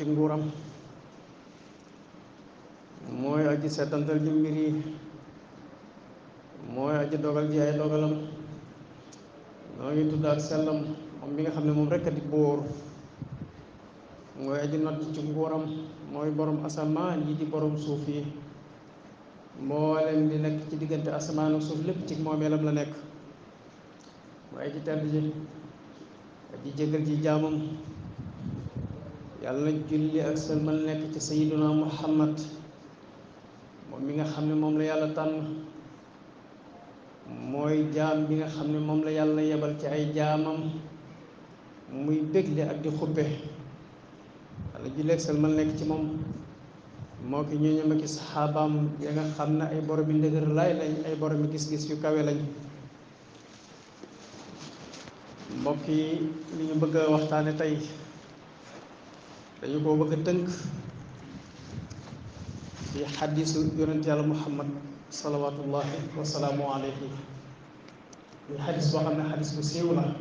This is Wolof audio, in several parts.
ci nguram moy aji setantal ji mbiri moy aji dogal ji ay dogalam no ngi tudda ak sellam moom mi nga xamne mom rek di bor moy aji not ci nguram moy borom asaman yi di borom sufi yi mboolem di nekk ci diggante asamaan ak suuf lépp ci momelam la nek aji tedd ji aji jeger ji jaamum yàlla na julli ak sëlmal nekk ci sayiduna muhammad moom mi nga xam ne moom la yàlla tànn mooy jaam bi nga xam ne moom la yàlla yebal ci ay jaamam muy bégle ak di xuppe yàlla julli ak sëlmal nekk ci moom moo ki ñooñam gis saxaabaam ya nga xam ne ay boromi ndëgër laay lañ ay boromi gis-gis yu kawe lañ mbokk yi li ñu bëgg a waxtaane tey dañu ko bëgg a tënk ci xadisu yonent yàlla muhammad salawatullahi wasalaamu alayhi muy xadis boo xam ne xadis bu siiw la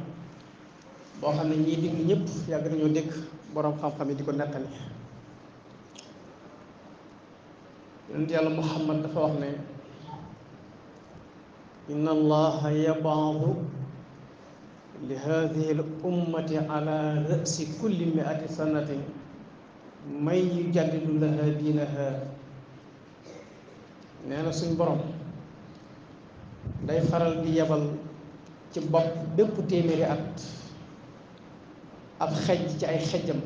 boo xam ne ñiy dégg ñëpp yàgg nañoo dégg boroom xam-xam yi di ko nettali yonent yàlla muhammad dafa wax ne inna allaha yabaadu li hadihi al ummati ala rasi kulli may yujaddidu laha diinaha nee na suñ borom day faral di yebal ci bopp bépp téeméeri at ab xej ci ay xejam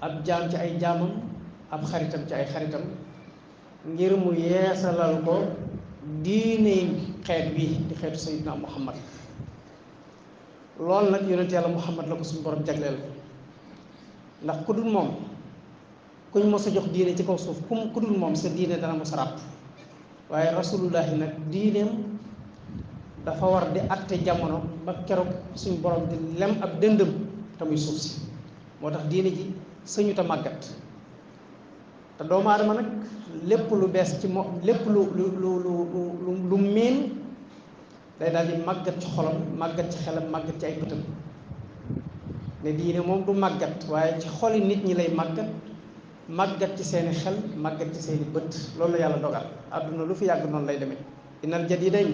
ab jaam ci ay jaamam ab xaritam ci ay xaritam ngir mu yeesalal ko diiney xeet bi di xeetu sayyidina muhammad loolu nag yonent yàlla muhammad la ko suñ borom jagleel ndax ku dul moom kuñ mos jox diine ci kaw suuf kum ku dul moom sa diine dana mos a ràpp waaye rasulullahi nag diineem dafa war di atte jamono ba keroog suñu borom di lem ab dëndëm te muy suuf si moo tax diine ji sëñu ta màggat te doomu aadama nag lépp lu bees ci moom lépp lu lu lu lu lu miin day daal di màggat ci xolam màggat ci xelam màggat ci ay bëtam ne diine moom du màggat waaye ci xoli nit ñi lay màggat màggat ci seeni xel màggat ci seeni bët loolu la yàlla dogal àdduna lu fi yàgg noonu lay demee innal jadidayn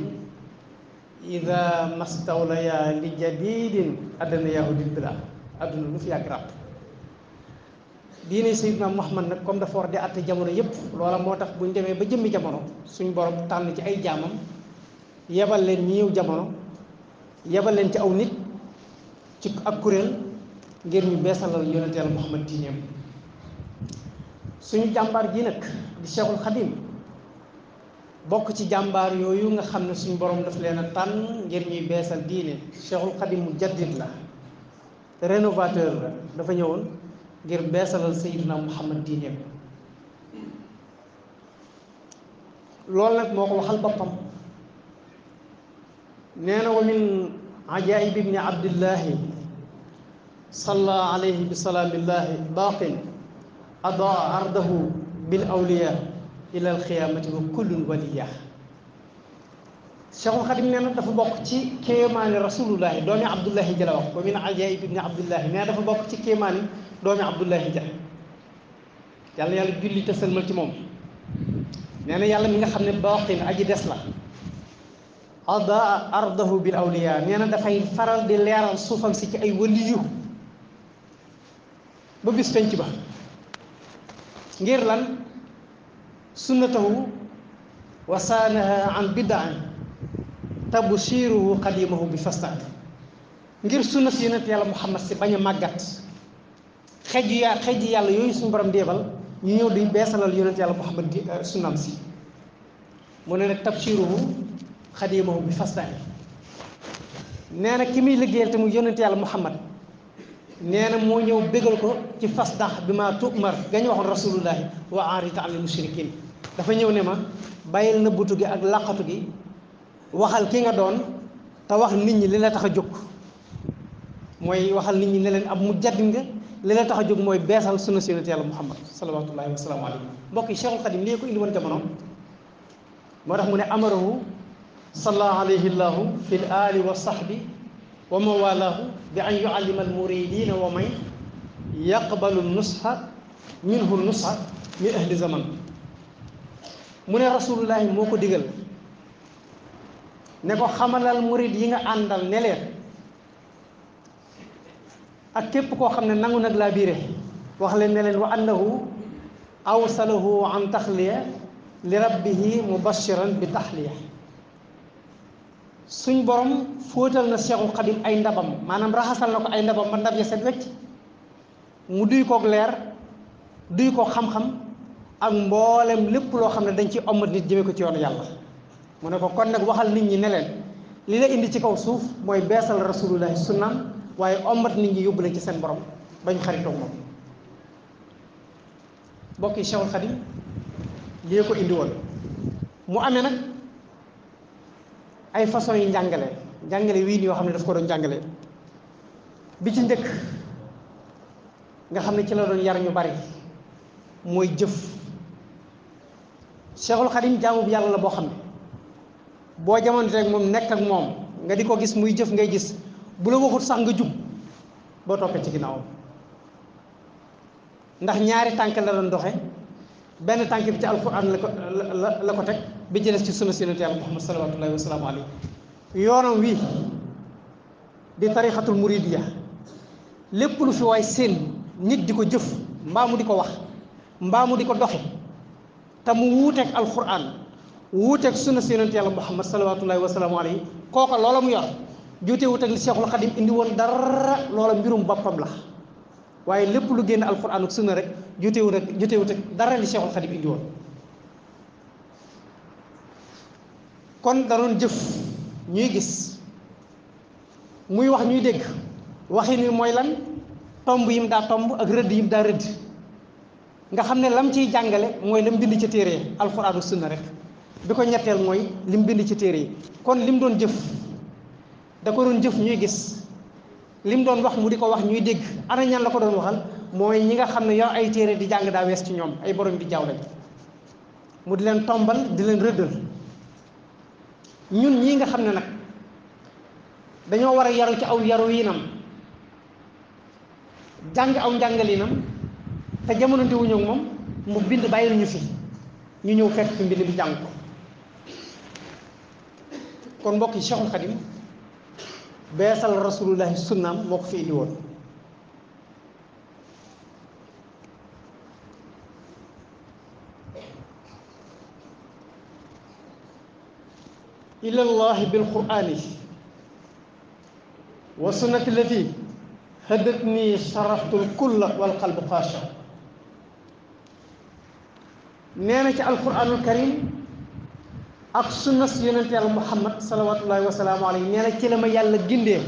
ida mastawlaya li jadidin addana yahudil bila àdduna lu fi yàgg ràpp diine sayyidna Muhammad nag comme dafa war di àtte jamono yépp loola moo tax buñ demee ba jëmmi jamono suñ boroom tànn ci ay jaamam yebal leen ñiiw jamono yebal leen ci aw nit ci ak kuréel ngir ñu beesalal yonent yàlla Muhammad diineem suñu jàmbaar ji nag di Cheikhul Khadim bokk ci jàmbaar yooyu nga xam ne suñu boroom daf leen a tànn ngir ñuy beesal diine Cheikhul Khadim mu jaddit la rénovateur la dafa ñëwoon ngir beesalal Sayyidina Muhammad diineem loolu nag moo ko waxal boppam nee na wa min ajaayib ibni abdillahi صلى عليه بسلام الله باق أضاء عرضه بالأولياء إلى القيامة وكل ولية شيخ خادم نانا دا بوك تي كيمان رسول الله دومي عبد الله جل وخ ومن عجائب ابن عبد الله نانا دا بوك تي كيمان دومي عبد الله جل يالا يالا جولي تسل مال تي موم نانا يالا ميغا خا نني باق اجي ديس لا أضاء عرضه بالأولياء نانا دا فاي فرال دي ليرال سوفام سي تي اي وليو ba bis penc ba ngir lan sunnatahu wasaanaha an biddaan tabshiruhu qadimahu bi fastaat ngir sunnat yonent yàlla muhammad si bañ a màggat xeju ya xeju yàlla yooyu suñu borom deebal ñu ñëw di beesalal yonent yàlla muhammad di euh, sunnam si mu ne nag tabshiruhu qadimahu bi fastaat nee na ki muy liggéeyal te mu yonent yàlla muhammad nee na moo ñëw bégal ko ci fas dax bi ma tumar gañu waxoon rasulullahi wa arid anil mushrikin dafa ñëw ne ma bàyyil nëbbutu gi ak làqatu gi waxal ki nga doon te wax nit ñi li la tax a jóg mooy waxal nit ñi ne leen ab mu jaddin nga li la tax a jóg mooy beesal sunna sunnat yàlla muhammad salawatullahi wa salaamu alayhi mbokk yi cheikhul xadim lii ko indi woon jamono moo tax mu ne amarahu salla alayhi llahu fi ali wa sahbi wa mawalaahu bi an yuallima almuridina wa man yaqbalu nusha minhu nusha min ahli zaman mu ne rasulullahi moo ko digal ne ko xamalal murid yi nga àndal ne ak képp koo xam ne nangu nag laa biire wax leen ne leen wa annahu awsalahu an taxliya li rabbihi mubashiran bi taxliya suñ borom fóotal na Seexul Xadim ay ndabam maanaam raxasal na ko ay ndabam ba ndab ya set wecc mu duy kook leer duy ko xam-xam ak mboolem lépp loo xam ne dañ ci omat nit jëme ko ci yoonu yàlla mu ne ko kon nag waxal nit ñi neleen leen li la indi ci kaw suuf mooy beesal rasulullahi sunnaam waaye omat nit ñi yóbbu leen ci seen borom bañ xaritoog moom bokk yi Seexul Xadim lii ko indi woon mu amee nag ay façon yi njàngale njàngale wii yoo xam ne daf ko doon jàngale bi ci njëkk nga xam ne ci la doon yar ñu bari mooy jëf Cheikhul Khadim jaamu bu yàlla la boo xam ne boo jamono rek moom nekk ak moom nga di ko gis muy jëf ngay gis bu la waxut sax nga jub boo toppee ci ginnaawam ndax ñaari tànk la doon doxe benn tànk bi ci alxuraan la ko la la ko teg bi ci des ci sunna si yonent yàlla muhammad salawatullahi wasalaamu yoonam wi di tariqatul muridiya lepp lu fi way sen nit di jëf mbaamu diko ko wax mbaamu diko di ko mu wutek alquran wutek sunna si yonent muhammad sallallahu alaihi wasallam ali koko lolo mu yor jute wutek li cheikhul khadim indi won dar lolo mbirum bopam la waye lepp lu genn alquran ak sunna rek juute wu rek juute dara li cheikhul khadim indi won kon da jëf ñuy gis muy wax ñuy dégg waxi ni mooy lan tomb yim daa tomb ak rëdd yim daa rëdd nga xam ne lam ciy jàngale mooy lam bind ci téere yi alxuraan rek bi ko ñetteel mooy lim bind ci téere yi kon mu doon jëf da ko doon jëf ñuy gis lim doon wax mu di ko wax ñuy dégg ana la ko doon waxal mooy ñi nga xam ne yow ay téere di jàng daa wees ci ñoom ay borom bi jaaw lañ mu di leen tombal di leen rëddal ñun ñii nga xam ne nag dañoo war a yaru ci aw yaru yinam jàng aw njàngalinam te jamono te wuñu ak moom mu bind bàyyil ñu fi ñu ñëw fekk fi mbind bi jàng ko kon mbokk yi Cheikhul Khadim beesal rasulullahi sunnaam moo ko fi indi woon إلى الله بالقرآن وسنة التي هدتني شرفت الكل والقلب قاشا نانت القرآن الكريم أقصد نص ينتهي على محمد صلى الله عليه وسلم عليه نانا كلا ما يالا جندير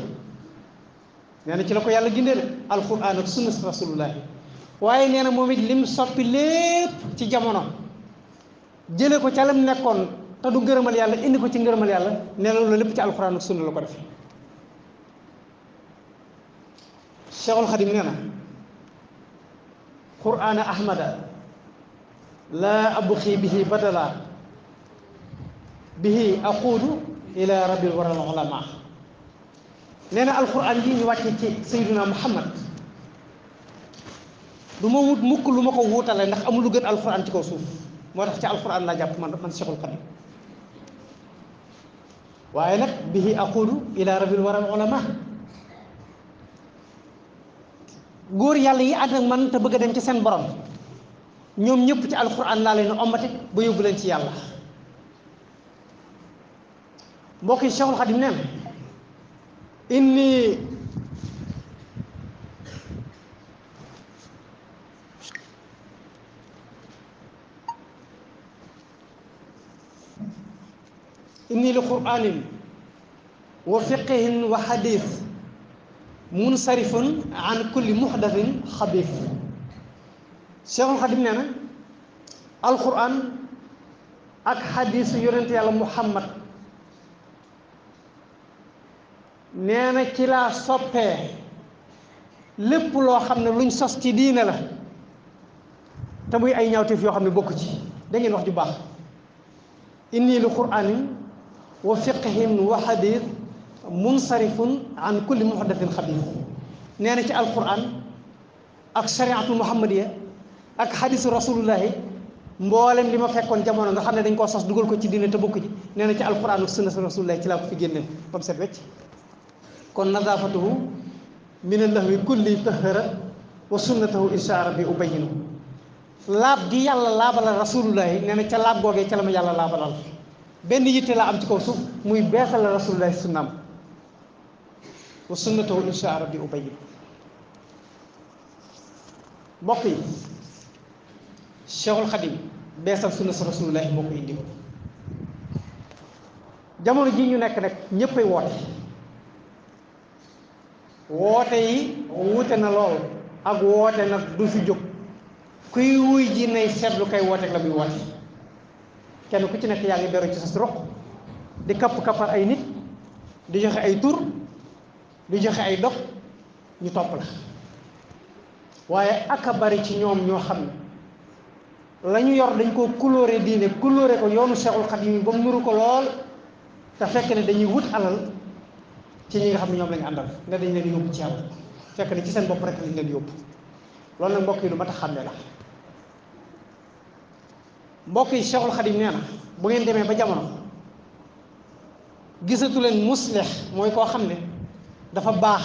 نانا كلا كو يالا جندير القرآن أقصد رسول الله واي نانا مومد لم صفي ليب تجامونا جلو تعلم نكون te du ngërëmal yàlla indi ko ci ngërëmal yàlla nee na lépp ci alxuraan ak sunna la ko def Cheikhul Xadim nee na qur'aana ahmada laa abxi bihi badala bihi aquudu ila rabbil waral ulama nee na alxuraan yi ñu wàcce ci sayduna muhammad du ma wut mukk lu ma ko wuutale ndax amul lu gën alxuraan ci kaw suuf moo tax ci alxuraan laa jàpp man man Cheikhul Xadim waaye nag bihi aqulu ila rabil waral ulama góor yàlla yi ànd ak man te bëgg a dem ci seen borom ñoom ñëpp ci alquran laa leen ommate ba yóbbu leen ci yàlla mbokk yi Cheikhul neen inni inni li qur'anin wa fiqihin wa hadith munsarifun an kulli muhdathin xabif Cheikhul Xadim nee na alquran ak xadisu yonent yàlla Muhammad nee na ci laa soppee lépp loo xam ne luñ sos ci diine la te muy ay ñaawteef yoo xam ne bokk ci da wax ju baax inni li qur'anin وفقه وحديث منصرف عن كل محدث خبيث نانا تي القران اك شريعه محمديه اك حديث رسول الله mboolem li ma fekkoon jamono nga xam ne dañ koo sos dugal ko ci diine te bokk ji nee na ci alquran ak sunna rasulullah ci laa ko fi génneel ba mu set wecc kon nadaafatuhu min allahwi kulli tahara wa sunnatahu insha rabbi ubayinu laab gi yàlla laabala rasulullah nee na ca laab googee ca la ma yàlla laabalal benn yitte la am ci kaw suuf muy beesal rasulullah sunnam wa sunnatahu insha rabbi ubayy mbokk yi cheikhul khadim beesal sunna sa rasulullah moo ko indi jamono ji ñu nekk nag ñëppay woote woote yi wuute na lool ak woote nag du fi jóg kuy wuy ji nay seetlu kay woote la muy woote kenn ku ci nek yaangi beru ci sa di kap kapar ay nit di joxe ay tur di joxe ay dox ñu top la waye aka bari ci ñom ño xam lañu yor dañ ko coloré diine coloré ko yoonu cheikhul khadim yi nuru ko lol ta fekk ne dañuy wut alal ci ñi nga xam ñom ñoom lañu àndal ne dañ leen yobbu ci yàlla fekk ne ci seen bop rek lañ leen yobbu lol nak mbokk yi lu mata a ya la mbokki Cheikhul khadim neena bu ngeen demee ba jamono gisatu leen muslih mooy koo xam ne dafa baax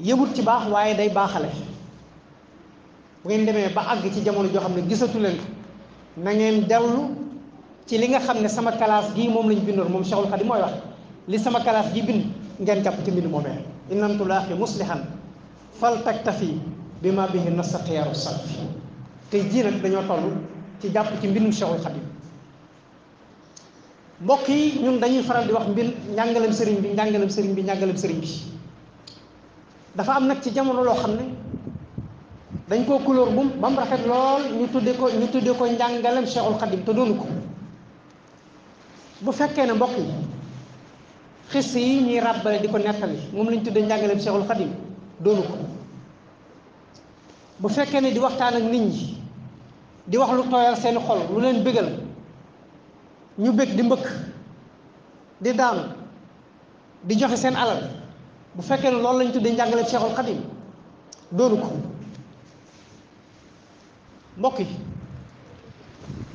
yëmut ci baax waaye day baaxale bu ngeen demee ba àgg ci jamono joo xam ne gisatu leen na ngeen dellu ci li nga xam ne sama classe gii moom lañ bindoon moom Cheikhul khadim mooy wax li sama classe gi bind ngeen jàpp ci mbind moomee innam tulaaxi muslihan fal taktafi bi ma bihi nasa salfi salaf jii nag dañoo toll ci japp ci mbindum cheikhul khadim mbokk yi ñun dañuy faral di wax mbir njàngalem sëriñ bi njàngalem sëriñ bi njàngalem sëriñ bi dafa am nag ci jamono loo xam ne dañ koo couleur bu ba mu rafet lool ñu tudde ko ñu tudde ko njàngalem cheikhul khadim te doonu ko bu fekkee ne mbokk yi xis yi ñuy ràbbale di ko nettali moom lañ tudde njàngalem cheikhul khadim doonu ko bu fekkee ne di waxtaan ak nit ñi di wax lu tooyal seen xol lu leen bégal ñu bég di mbëkk di daanu di joxe seen alal bu fekkee ne loolu lañ tuddee njàngale Seexul Xadim doonu ko mbokk yi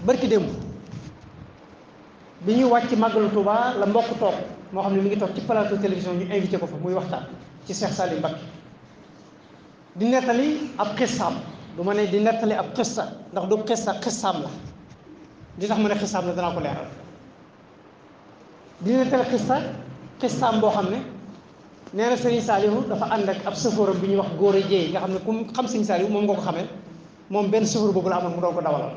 barki démb bi ñuy wàcc màggalu Tuuba la mbokk toog moo xam ne mi ngi toog ci plateau télévision ñu invité ko fa muy waxtaan ci Cheikh Salim Mbacké di nettali ab xissaam du ma ne di nettali ab xissa ndax du xissa xissaam la di tax ma ne xissaam la danaa ko leeral di nettali xissa xissaam boo xam ne nee na Serigne Saliou dafa ànd ak ab sëfóoram bi ñuy wax góor a jéey nga xam ne ku xam Serigne Saliou moom nga ko xamee moom benn sëfóor boobu la amoon mu doon ko dawalal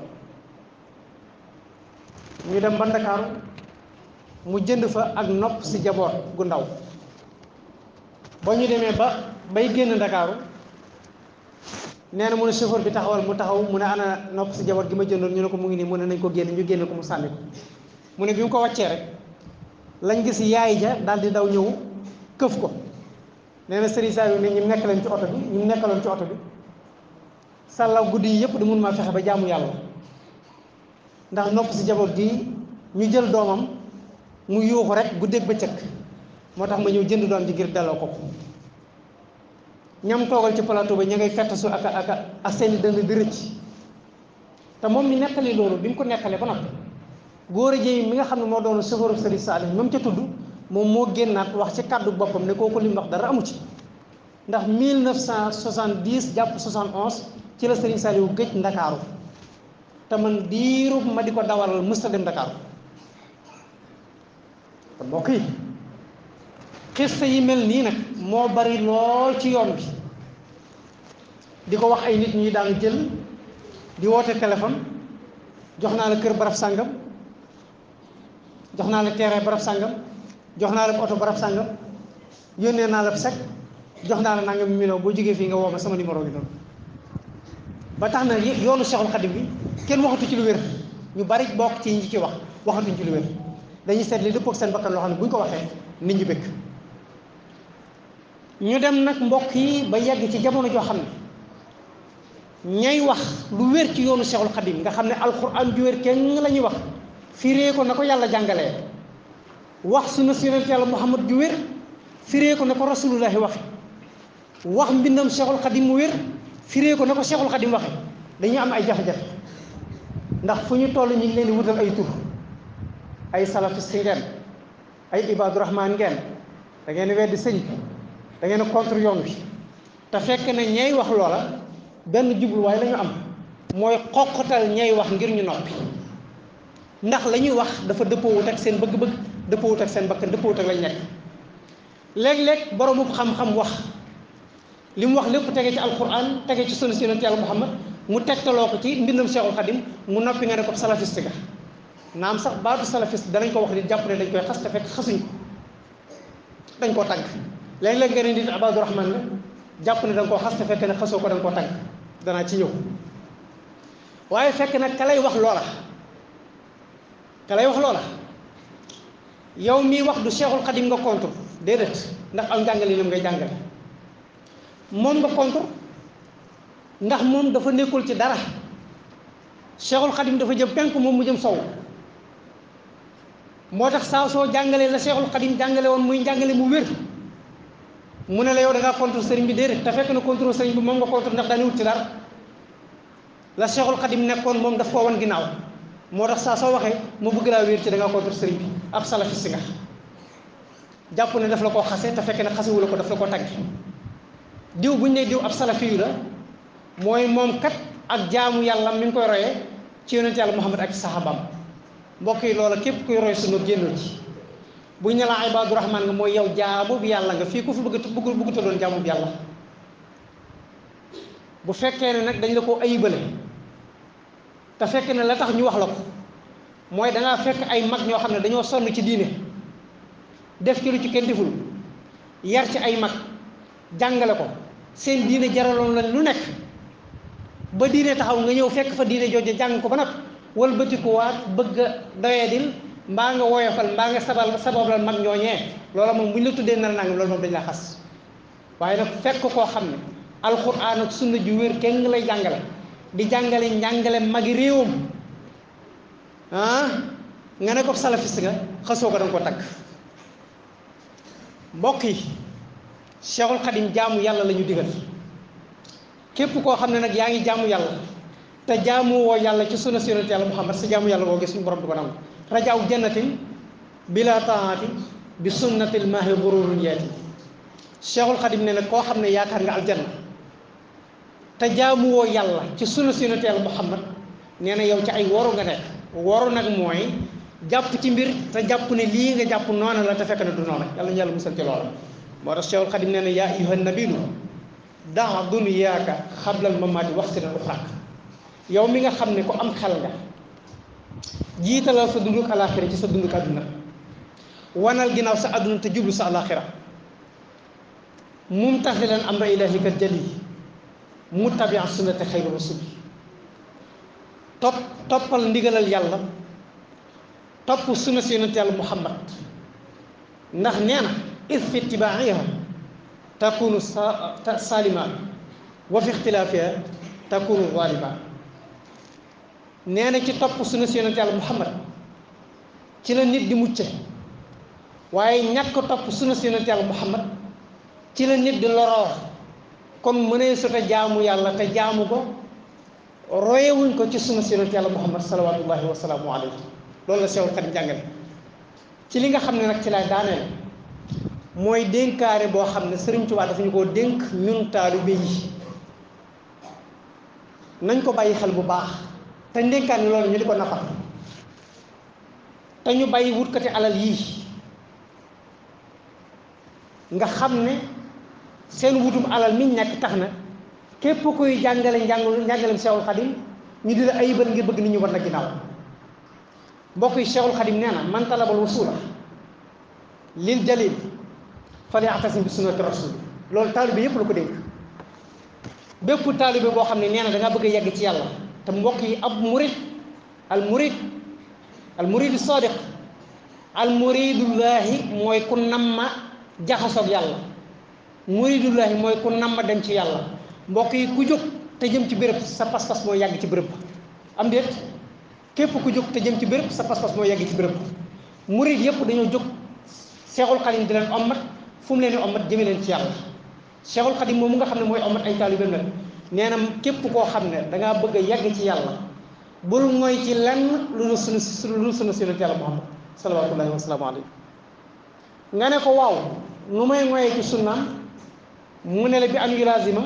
ñu dem ba Ndakaaru mu jënd fa ak nopp si jaboot gu ndaw ba ñu demee ba bay génn Ndakaaru nee na mu ne bi taxawal mu taxaw mu ne ana nopp si jabar gi ma jëndoon ñu ne ko mu ngi nii mu ne nañ ko génn ñu génne ko mu sànni ko mu ne bi mu ko wàccee rek lañ gis yaay ja daal di daw ñëw këf ko nee na sëriñ saa yi ne ñu nekk lañ ci oto bi ñu nekkaloon ci oto sàllaw guddi yi yëpp di mun fexe ba jaamu yàlla ndax nopp si jabar gi ñu jël doomam mu yuuxu rek ba bëccëg moo tax ma ñëw jënd doom ji ngir delloo ko ñam toogal ci plateau ba ña ngay kattasu ak ak ak seeni dënd di rëcc te moom mi nettali loolu bi mu ko nettalee ba nag góor a jéy mi nga xam ne moo doon sëfaru sëriñ Saalih moom ca tudd moom moo génnaat wax ci kàddu boppam ne koo ko mu wax dara amu ci ndax 1970 jàpp 71 ci la sëriñ Saliou gëj ndakaaru te man diiru ma di ko dawalal mësta dem ndakaaru kon mbokk yi xista yi mel nii nag moo bari lool ci yoon bi di ko wax ay nit ñuy daan jël di woote téléphone jox naa la kër baraf sàngam jox naa la terrain baraf sàngam jox naa la oto baraf sàngam yónnee naa la sec jox naa la nangam million boo jógee fii nga woo ma sama numéro gi doon ba tax na yoonu Cheikhul Khadim bi kenn waxatu ci lu wér ñu bari bokk ci ñi ci wax waxatuñ ci lu wér dañu seet li ak seen bakkan loo xam ne buñ ko waxee nit ñi bëgg ñu dem nag mbokk yi ba yegg ci jamono joo xam ñay wax lu wér ci yoonu Seexul Xadim nga xam ne alxuraan ju wér kenn la ñuy wax firee ko na ko yàlla jàngalee wax sunna si yonent yàlla Muhammad ju wér firee ko na ko rasulullahi waxe wax mbindam Seexul Xadim mu wér firee ko na ko Seexul Xadim waxe dañuy am ay jafe-jafe ndax fu ñu toll ñu ngi leen di wutal ay tur ay salafiste ngeen ay ibaadu rahmaan ngeen da ngeen sëñ bi contre yoon wi te fekk na ñay wax loola benn jubluwaay la ñu am mooy xoqatal ñay wax ngir ñu noppi ndax la ñuy wax dafa dëppoowut ak seen bëgg-bëgg dëppoowut ak seen bakkan dëppoowut ak lañ nekk léeg lekk boroomu xam-xam wax li mu wax lépp tege ci alquran tege ci sunna si yonent yàlla muhammad mu tegtaloo ko ci mbindam cheikhul xadim mu noppi nga ne ko salafiste ga am sax baatu salafiste danañ ko wax di jàpp dañ koy xas te fekk ko dañ koo tagg léeg-léeg nga ne nit abadu rahman la jàpp ne da nga koo te fekk ne xasoo ko da koo tàgg danaa ci ñëw waaye fekk nag ka lay wax loola ka wax loola yow mii wax du Seexul Xadim nga contre déedéet ndax am jàngale nam ngay jàngale moom nga contre ndax moom dafa nekkul ci dara Seexul Xadim dafa jëm penk moom mu jëm sow moo tax saa soo jàngalee la Seexul Xadim jàngale woon muy jàngale mu wér mu ne la yow da ngaa sëriñ bi déedéet te fekk na contre sëriñ bi moom nga contre ndax dañuy wut ci dara la Cheikhul Khadim nekkoon moom daf koo wan ginnaaw moo tax saa soo waxee mu bëgg laa wéer ci da ngaa contre sëriñ bi ab salafiste nga jàpp ne daf la koo xase te fekk na xasewu la ko daf la koo tagg diw bu ñu nee diw ab salafi la mooy moom kat ak jaamu yàlla mi ngi koy royee ci yonent yàlla Muhammad ak sahabaam mbokk yi loola képp kuy roy sunu génnoo ci. bu ñala ne laa ibaadu nga moy yow jaamu bi yalla nga fi ku fi bëgg bëgg ta doon jaamu bi yalla bu fekkee ne nag dañ la ko ayibale te fekk ne la tax ñu wax la ko mooy dangaa fekk ay mag ñoo xam ne dañoo sonn ci diine def ci lu ci kenn deful yar ci ay mag jàngale ko seen diine jaraloon la lu nekk ba diine taxaw nga ñëw fekk fa diine jooju jàng ko ba nag waat bëgg a dil mba nga woyofal mba nga e sabal sabablal mag ñoñe loolu moom buñ la tuddee na nangam loolu moom dañ la xas waaye nag fekk koo xam ne alquran ak sunna ju wér kenn lay jàngale di jàngale njàngale magi ah nga ne ko salafiste nga xasoo ko da ko tag mbokk yi cheikhul xadim jaamu yàlla la ñu digal képp koo xam ne nag yaa ngi jaamu yàlla te jaamu woo yàlla ci sunna si yàlla muhammad sa jaamu yàlla boo gis suñu borom du ko nangu rajaaw jannatin bila taati bi sunnatil maahi gururun yaati cheikhul xadim ne nag koo xam ne yaakaar nga aljanna te jaamuwoo yàlla ci sunna sunnateel muhammad nee na yow ci ay waru nga nekk waru nag mooy jàpp ci mbir te jàpp ne lii nga jàpp noona na du noona yàlla ñu yàlla musal ci loola moo yaa ayyuhan nabiyu daa duniyaaka xablal yow mi nga xam ne ko am xel nga jiitalal sa dunduk alaxira ci sa dunduk àdduna wanal ginaaw sa aduna te jublu sa alaxira mumtaxilan amra ilahi ilahika jali mu sunnati xayru rasul top topal ndigalal yàlla top sunna sunnati yàlla muhammad ndax neena na is takunu salima wa fi ikhtilafiha takunu zalima nee na ci topp sunna si yonent yàlla muhammad ci la nit di mucc waaye ñàkk topp sunna si yonent yàlla muhammad ci la nit di loroo kon mënee sota jaamu yàlla te jaamu ko royewuñ ko ci sunna si yonent yàlla muhammad salawaatullahi wa salaamu alayhi loolu la sewul xarit jàngale ci li nga xam ne nag ci laay daaneel mooy dénkaare boo xam ne Sëriñ Tuubaa dafa ñu koo dénk ñun taalibe yi nañ ko bàyyi xel bu baax te ndénkaani loolu ñu di ko nafa te ñu bàyyi wutkati alal yii nga xam ne seen wutum alal mi nekk tax na képp koy jàngale njàngalu njàngalem Cheikhul Khadim ñu di la ayibal ngir bëgg nit ñu war na ginnaaw mbokk yi Cheikhul Khadim nee na man talabal wasula lil jalil falya'tasim bi sunnati rasul loolu taalibe yépp lu ko dénk bépp taalibe boo xam ne nee na da nga bëgg a yegg ci yàlla te mbokk yi ab murid al murid al muridu sadiq al muridullaahi mooy ku ma jaxasoog yàlla muridullaahi mooy ku ma dem ci yàlla mbokk yi ku jóg te jëm ci béréb sa pas-pas mooy yàgg ci bërëb am déet képp ku jóg te jëm ci béréb sa pas-pas yàgg ci béréb murid yëpp dañoo jóg seexul xadim di leen ommat fu mu leen di ommat jëme leen ci yàlla seexul xadim moom mu nga xam ne mooy ommat ay taalibeem la nee képp koo xam ne dangaa bëgg a yàgg ci yàlla bul mooy ci lenn lu su sunu lu nu sunu sunu yàlla Muhammad salawaatullaahi wa salaamu nga ne ko waaw nu may mooyee ci sunnaam mu ne la bi ma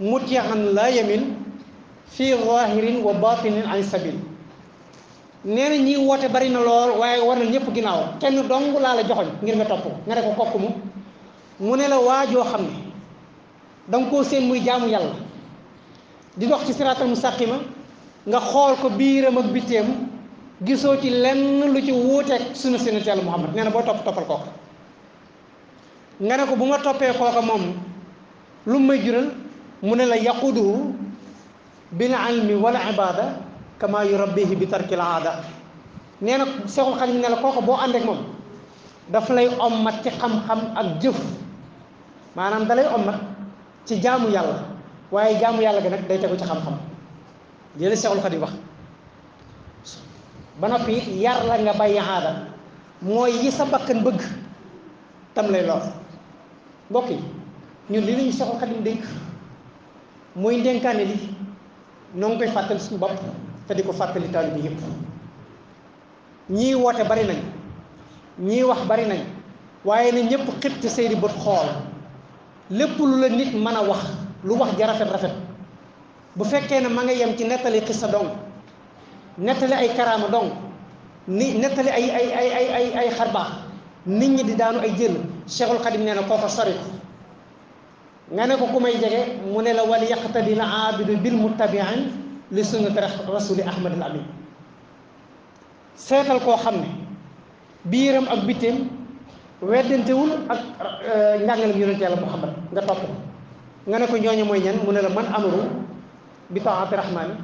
mu mutiaxan la yamin fii zahirin wa batinin an sabil nee na ñi woote bari na lool waaye war na ñëpp ginnaaw kenn dong laa la joxoñ ngir nga topp nga ne ko kokk mu mu ne la waajoo xam ne da nga koo seen muy jaamu yàlla di dox ci siraatal mustaqima nga xool ko biiram ak bitteem gisoo ci lenn lu ci wuuteeg sunu seen yàlla Muhammad nee na boo topp toppal kooka nga ne ko bu ma toppee kooka moom lu may jural mu ne la yaquduhu bil ilmi wal ibada kama yurabbihi bi tarkil aada nee na Seexul Xadiim ne la kooka boo àndeek moom daf lay ommat ci xam-xam ak jëf maanaam da ommat ci jaamu yàlla waaye jaamu yàlla ga nag day tegu ci xam-xam di la Seexul Xadiim wax ba noppi yar la nga bàyyi xaada mooy yi sa bakkan bëgg tam lay lor mbokk yi ñun li lañu Seexul Xadiim dénk mooy ndénkaane li noo ngi koy fàttali suñu bopp te di ko fàttali taalibe yépp ñii woote bari nañ ñii wax bari nañ waaye ne ñëpp xib ci seeni bët xool lépp lu la nit mën a wax lu wax ja rafet rafet bu fekkee ne ma nga yem ci nettali xissa dong nettali ay karaama dong ni nettali ay ay ay ay ay ay xarbaax nit ñi di daanu ay jël Cheikhul Xadim nee na kooka sori ko nga ne ko ku may jege mu ne la wal yaqtadi la aabidu bil muttabiin li sunnati rasuli ahmad al amin seetal koo xam ne biiram ak bitim wul ak eh, njàngalem yonent yàlla muhammad nga top. nga ne ko ñooñu moy ñan mu ne la man amru bi taati Rahman,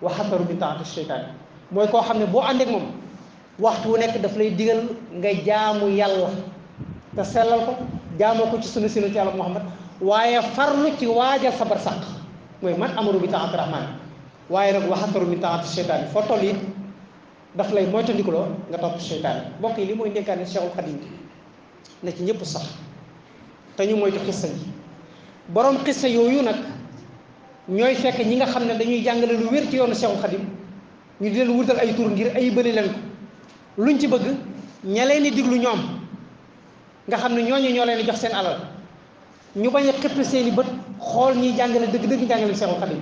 wa xasaru bi taati shaytan moy ko xamne bo ande àndeek moom waxtu wu nekk daf lay digal nga jaamu yàlla ta selal ko jaamo ko ci sunu sunu ci muhammad waye farlu ci waja sabar sax moy man amru bi taati Rahman, waye nak wa xasaru bi taati seytaani foo toll it daf lay moytandikuloo nga top seytaani mbokk li moy ndénkaane Cheikhul khadim ne ci ñëpp sax te ñu moytu xissa yi boroom xissa yooyu nag ñooy fekk ñi nga xam ne dañuy jàngale lu wér ci yoonu Seexul Xadim ñu di leen wutal ay tur ngir ay bëri leen ko luñ ci bëgg ña di diglu ñoom nga xam ne ñooñu ñoo leen di jox seen alal ñu bañ a xëpp seeni bët xool ñuy jàngale dëgg-dëgg njàngaleem Seexul Xadim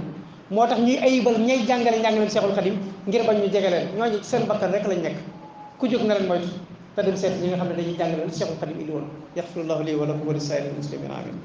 moo tax ñuy ayibal ñay jàngale njàngaleem Seexul Xadim ngir bañ ñu jege leen ñooñu seen bakkan rek lañ nekk ku jóg na leen moytu te dem seet ñi nga xam ne dañuy jàngale Cheikhul Khadim indi woon yaxfirullahu lii wa lakum wa li saa'iril muslimin amin